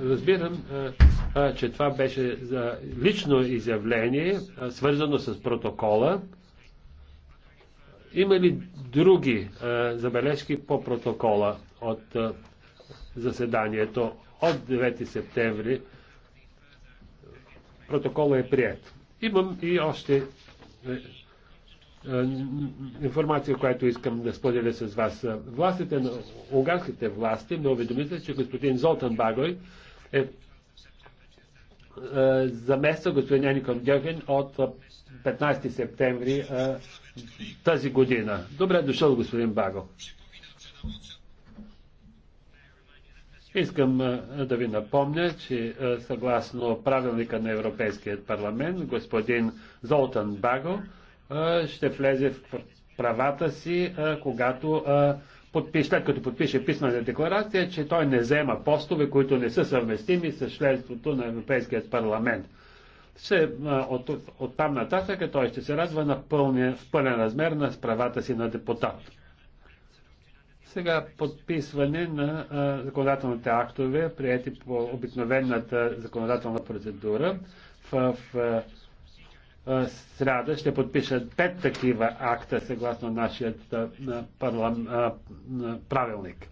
Разбирам, че това беше за лично изявление, свързано с протокола. Има ли други забележки по протокола от заседанието от 9 септември? Протокола е прият. Имам и още е, е, информация, която искам да споделя с вас. Властите на унгарските власти ме уведомиха, че господин Золтан Багой е, е замества господин Яником Дьохен от 15 е, септември е, тази година. Добре дошъл, господин Баго. Искам да ви напомня, че съгласно правилника на Европейският парламент, господин Золтан Баго ще влезе в правата си, когато подпише, след като подпише писмена декларация, че той не взема постове, които не са съвместими с членството на Европейският парламент. Ще, от, от там нататък той ще се радва на пълния, в пълен размер на правата си на депутат. Сега подписване на а, законодателните актове, прияти по обикновената законодателна процедура в, в сряда ще подпишат пет такива акта съгласно нашия правилник.